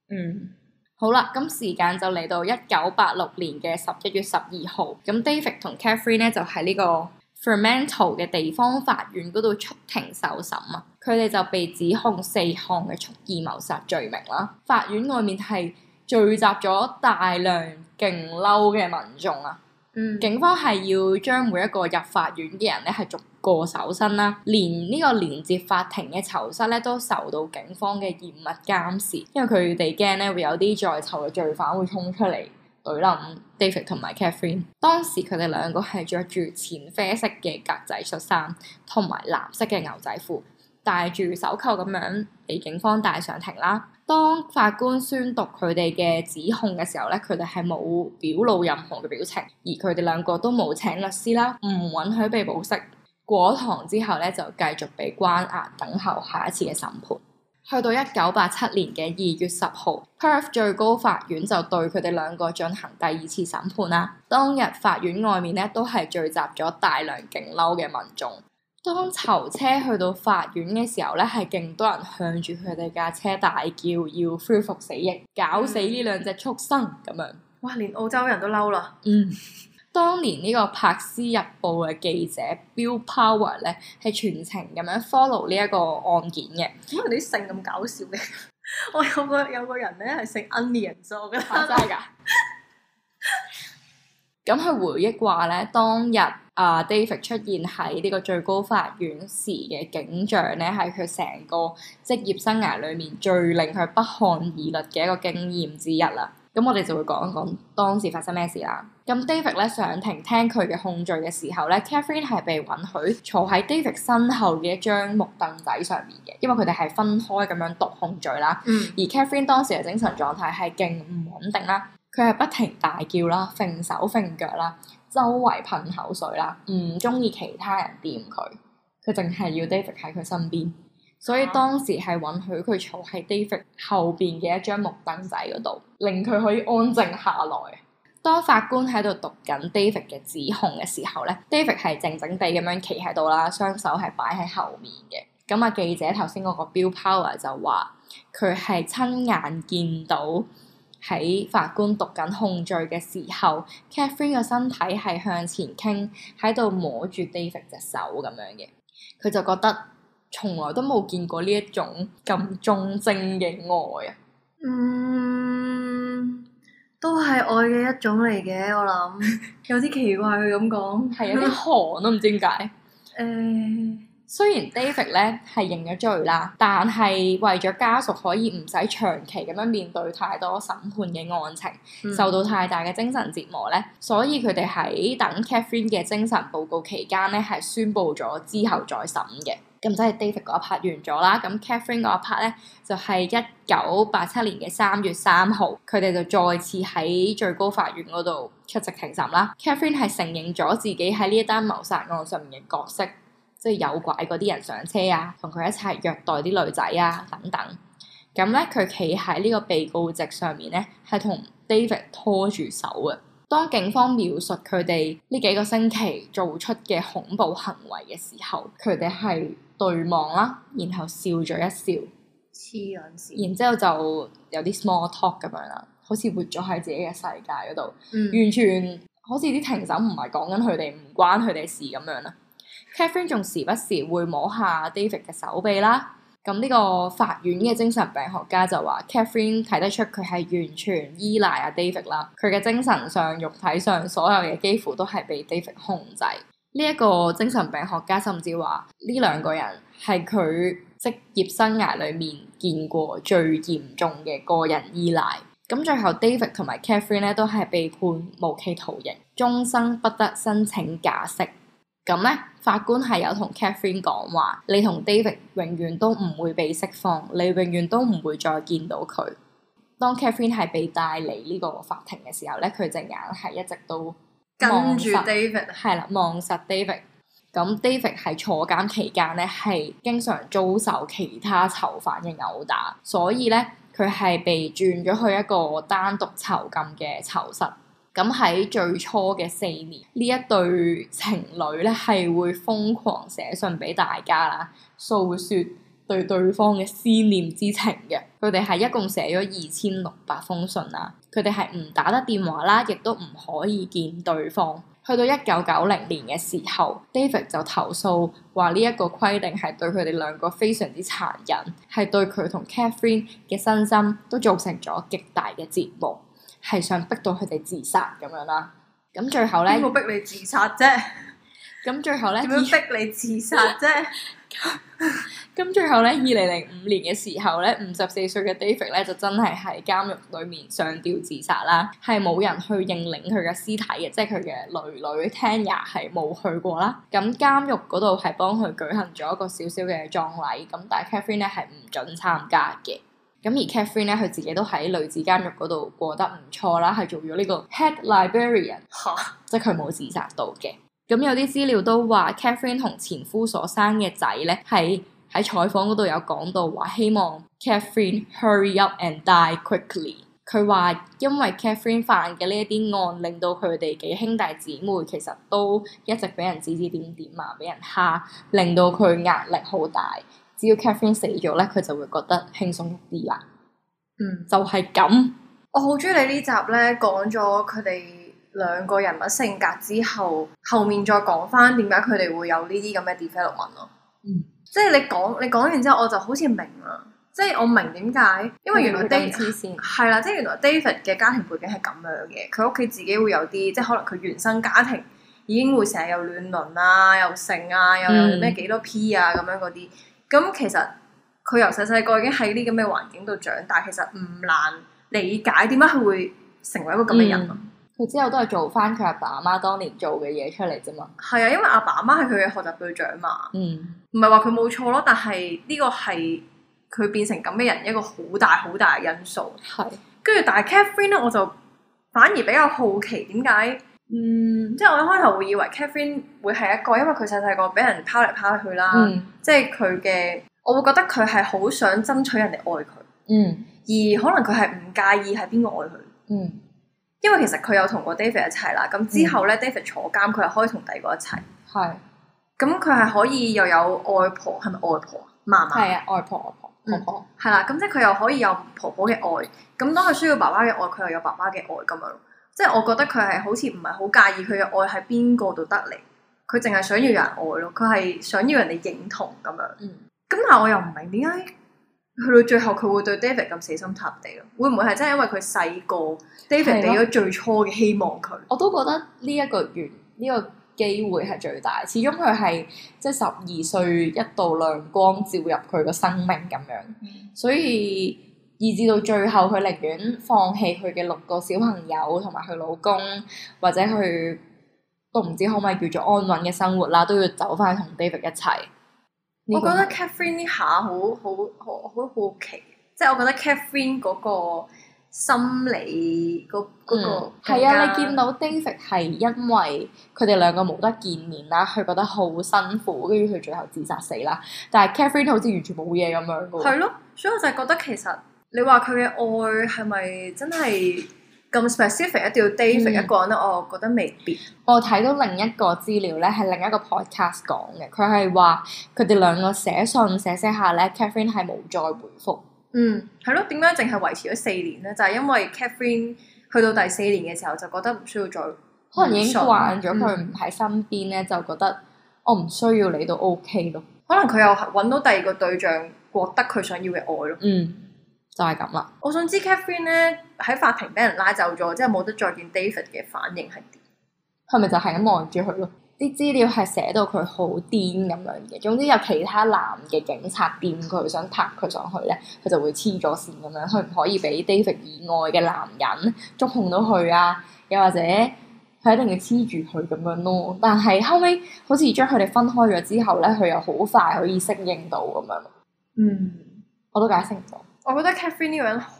嗯，好啦，咁時間就嚟到一九八六年嘅十一月十二號，咁 David 同 Catherine 咧就喺呢個 Fremantle 嘅地方法院嗰度出庭受審啊。佢哋就被指控四項嘅蓄意謀殺罪名啦。法院外面係聚集咗大量勁嬲嘅民眾啊、嗯！警方係要將每一個入法院嘅人咧係逐個搜身啦，連呢個連接法庭嘅囚室咧都受到警方嘅嚴密監視，因為佢哋驚咧會有啲在囚嘅罪犯會衝出嚟懟冧 David 同埋 Catherine。當時佢哋兩個係着住淺啡色嘅格仔恤衫同埋藍色嘅牛仔褲。戴住手扣咁樣被警方帶上庭啦。當法官宣讀佢哋嘅指控嘅時候咧，佢哋係冇表露任何嘅表情，而佢哋兩個都冇請律師啦，唔允許被保釋。過堂之後咧，就繼續被關押等候下一次嘅審判。去到一九八七年嘅二月十號，Perth 最高法院就對佢哋兩個進行第二次審判啦。當日法院外面咧都係聚集咗大量勁嬲嘅民眾。當囚車去到法院嘅時候咧，係勁多人向住佢哋架車大叫，要恢復死刑，搞死呢兩隻畜生咁樣。哇！連澳洲人都嬲啦。嗯， 當年呢個《柏斯日報》嘅記者 Bill Power 咧，係全程咁樣 follow 呢一個案件嘅。因為啲姓咁搞笑嘅， 我有個有個人咧係姓 Onions 嘅。真係噶。咁佢回憶話咧，當日啊，uh，David 出現喺呢個最高法院時嘅景象咧，係佢成個職業生涯裡面最令佢不寒而慄嘅一個經驗之一啦。咁我哋就會講一講當時發生咩事啦。咁 David 咧上庭聽佢嘅控罪嘅時候咧，Catherine 係被允許坐喺 David 身後嘅一張木凳仔上面嘅，因為佢哋係分開咁樣讀控罪啦。嗯。而 Catherine 當時嘅精神狀態係勁唔穩定啦。佢係不停大叫啦，揈手揈腳啦，周圍噴口水啦，唔中意其他人掂佢，佢淨係要 David 喺佢身邊，所以當時係允許佢坐喺 David 後邊嘅一張木凳仔嗰度，令佢可以安靜下來。當法官喺度讀緊 David 嘅指控嘅時候咧，David 係靜靜地咁樣企喺度啦，雙手係擺喺後面嘅。咁啊，記者頭先嗰個 Bill Power 就話佢係親眼見到。喺法官讀緊控罪嘅時候，Catherine 嘅身體係向前傾，喺度摸住 David 隻手咁樣嘅，佢就覺得從來都冇見過呢一種咁忠貞嘅愛啊。嗯，都係愛嘅一種嚟嘅，我諗有啲奇怪佢咁講，係有啲寒都唔知點解。誒、uh。雖然 David 咧係認咗罪啦，但係為咗家屬可以唔使長期咁樣面對太多審判嘅案情，嗯、受到太大嘅精神折磨咧，所以佢哋喺等 Catherine 嘅精神報告期間咧，係宣布咗之後再審嘅。咁即係 David 嗰一 part 完咗啦，咁 Catherine 嗰一 part 咧就係一九八七年嘅三月三號，佢哋就再次喺最高法院嗰度出席庭審啦。Catherine leen 係承認咗自己喺呢一單謀殺案上面嘅角色。即係有拐嗰啲人上車啊，同佢一齊虐待啲女仔啊，等等。咁咧，佢企喺呢個被告席上面咧，係同 David 拖住手嘅。當警方描述佢哋呢幾個星期做出嘅恐怖行為嘅時候，佢哋係對望啦，然後笑咗一笑，黐撚線。然之後就有啲 small talk 咁樣啦，好似活咗喺自己嘅世界嗰度，嗯、完全好似啲庭審唔係講緊佢哋，唔關佢哋事咁樣啦。Catherine 仲時不時會摸下 David 嘅手臂啦，咁呢個法院嘅精神病學家就話 Catherine 睇得出佢係完全依賴阿 David 啦，佢嘅精神上、肉體上所有嘢幾乎都係被 David 控制。呢一個精神病學家甚至話呢兩個人係佢職業生涯裡面見過最嚴重嘅個人依賴。咁最後 David 同埋 Catherine 咧都係被判無期徒刑，終生不得申請假釋。咁咧，法官係有同 Catherine 講話：你同 David 永遠都唔會被釋放，你永遠都唔會再見到佢。當 Catherine 係被帶嚟呢個法庭嘅時候咧，佢隻眼係一直都望住 David，係啦，望實 David。咁 David 係坐監期間咧，係經常遭受其他囚犯嘅毆打，所以咧佢係被轉咗去一個單獨囚禁嘅囚室。咁喺最初嘅四年，呢一對情侶咧，係會瘋狂寫信俾大家啦，訴說對對方嘅思念之情嘅。佢哋係一共寫咗二千六百封信啊，佢哋係唔打得電話啦，亦都唔可以見對方。去到一九九零年嘅時候，David 就投訴話呢一個規定係對佢哋兩個非常之殘忍，係對佢同 Catherine 嘅身心都造成咗極大嘅折磨。係想逼到佢哋自殺咁樣啦，咁最後咧，邊個逼你自殺啫？咁最後咧，點樣逼你自殺啫？咁 最後咧，二零零五年嘅時候咧，五十四歲嘅 David 咧就真係喺監獄裏面上吊自殺啦，係冇人去認領佢嘅屍體嘅，即係佢嘅女女 Tanya 係冇去過啦。咁監獄嗰度係幫佢舉行咗一個小小嘅葬禮，咁但係 Catherine 咧係唔準參加嘅。咁而 Catherine 咧，佢自己都喺女子監獄嗰度過得唔錯啦，係做咗呢個 head librarian， 即係佢冇自殺到嘅。咁有啲資料都話，Catherine 同前夫所生嘅仔咧，喺喺採訪嗰度有講到話，希望 Catherine hurry up and die quickly。佢話因為 Catherine 犯嘅呢一啲案，令到佢哋幾兄弟姊妹其實都一直俾人指指點點啊，俾人蝦，令到佢壓力好大。只要 Catherine 死咗咧，佢就會覺得輕鬆啲啦。嗯，就係咁。我好中意你呢集咧，講咗佢哋兩個人物性格之後，後面再講翻點解佢哋會有呢啲咁嘅 development 咯。嗯，即係你講你講完之後，我就好似明啦。即係我明點解，因為原來 David 先係啦，即係原來 David 嘅家庭背景係咁樣嘅。佢屋企自己會有啲，即係可能佢原生家庭已經會成日又亂倫啊，又性啊，又有咩幾多 P 啊咁樣嗰啲。咁其實佢由細細個已經喺呢咁嘅環境度長大，其實唔難理解點解佢會成為一個咁嘅人。佢、嗯、之後都係做翻佢阿爸阿媽當年做嘅嘢出嚟啫嘛。係啊，因為阿爸阿媽係佢嘅學習對象嘛。嗯，唔係話佢冇錯咯，但係呢個係佢變成咁嘅人一個好大好大嘅因素。係，跟住但係 Catherine 咧，我就反而比較好奇點解。嗯，即係我一開頭會以為 Catherine 會係一個，因為佢細細個俾人拋嚟拋去啦，嗯、即係佢嘅，我會覺得佢係好想爭取人哋愛佢，嗯，而可能佢係唔介意係邊個愛佢，嗯，因為其實佢有同過 David 一齊啦，咁、嗯嗯、之後咧 David 坐監，佢係可以同第二個一齊，係的，咁佢係可以又有外婆，係咪外婆啊？媽媽，係啊，外婆，外婆，婆婆，係啦，咁即係佢又可以有婆婆嘅愛，咁當佢需要爸爸嘅愛，佢又有爸爸嘅愛咁樣。 即係我覺得佢係好似唔係好介意佢嘅愛喺邊個度得嚟，佢淨係想要人愛咯，佢係想要人哋認同咁樣。咁但係我又唔明點解去到最後佢會對 David 咁死心塌地咯？會唔會係真係因為佢細個 David 俾咗最初嘅希望佢了？他我都覺得呢一個緣呢、呢個機會係最大，始終佢係即係十二歲一道亮光照入佢個生命咁樣，所以。以至到最後，佢寧願放棄佢嘅六個小朋友同埋佢老公，或者佢，都唔知可唔可以叫做安穩嘅生活啦，都要走翻去同 David 一齊。我覺得 Catherine 呢下好好好好好奇，即係我覺得 Catherine 嗰個心理嗰嗰個係啊！你見到 David 係因為佢哋兩個冇得見面啦，佢覺得好辛苦，跟住佢最後自殺死啦。但係 Catherine 好似完全冇嘢咁樣嘅，係咯、啊。所以我就覺得其實。你話佢嘅愛係咪真係咁 specific 一定要 David、嗯、一個人咧？我覺得未必。我睇到另一個資料咧，係另一個 podcast 講嘅，佢係話佢哋兩個寫信寫寫，寫下咧、mm hmm.，Catherine 係冇再回覆。嗯，係咯，點解淨係維持咗四年咧？就係、是、因為 Catherine 去到第四年嘅時候，就覺得唔需要再可能已經慣咗佢唔喺身邊咧，mm hmm. 就覺得我唔需要你都 OK 咯。可能佢又揾到第二個對象，覺得佢想要嘅愛咯。嗯、mm。Hmm. 就係咁啦。我想知 Catherine 咧，喺法庭俾人拉走咗，即係冇得再見 David 嘅反應係點？係咪就係咁望住佢咯？啲資料係寫到佢好癲咁樣嘅。總之有其他男嘅警察掂佢，想拍佢上去咧，佢就會黐咗線咁樣。佢唔可以俾 David 以外嘅男人觸碰到佢啊。又或者佢一定要黐住佢咁樣咯。但係後尾好似將佢哋分開咗之後咧，佢又好快可以適應到咁樣。嗯，我都解釋唔到。我覺得 Catherine 呢個人好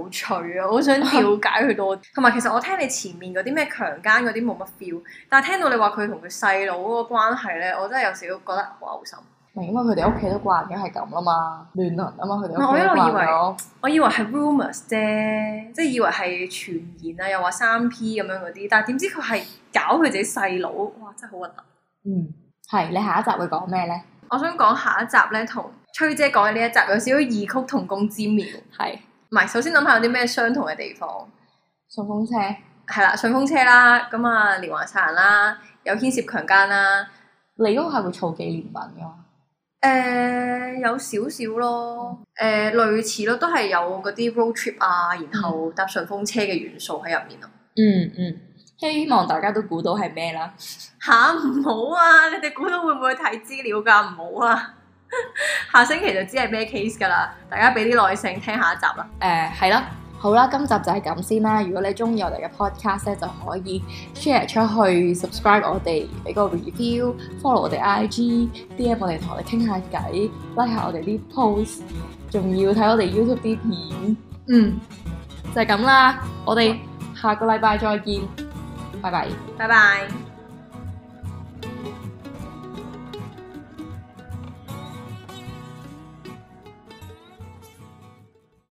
有趣啊，好想瞭解佢多。同埋 其實我聽你前面嗰啲咩強姦嗰啲冇乜 feel，但係聽到你話佢同佢細佬嗰個關係咧，我真係有時都覺得好嘔心。明啊，佢哋屋企都慣咗係咁啊嘛，亂倫啊嘛，佢哋。唔係、啊，我一路以為，我以為係 rumors 啫，即係以為係傳言啊，又話三 P 咁樣嗰啲，但係點知佢係搞佢自己細佬，哇！真係好核突。嗯，係。你下一集會講咩咧？我想講下一集咧同崔姐講嘅呢一集有少少異曲同工之妙，係是，唔係？首先諗下有啲咩相同嘅地方？順風車係啦，順風車啦，咁啊連環殺人啦，有牽涉強姦啦，你嗰個係會儲紀念品㗎？誒、呃，有少少咯，誒、嗯呃，類似咯，都係有嗰啲 road trip 啊，然後搭順風車嘅元素喺入面咯。嗯嗯，希望大家都估到係咩啦？吓？唔好啊！你哋估到會唔會睇資料㗎？唔好啊！ 下星期就知係咩 case 噶啦，大家俾啲耐性聽下一集啦。誒，係啦，好啦，今集就係咁先啦。如果你中意我哋嘅 podcast 咧，就可以 share 出去，subscribe 我哋，俾個 review，follow 我哋 IG，DM 我哋同我哋傾下偈，like 下我哋啲 post，仲要睇我哋 YouTube 啲片。嗯，就係咁啦，我哋下個禮拜再見，拜拜，拜拜。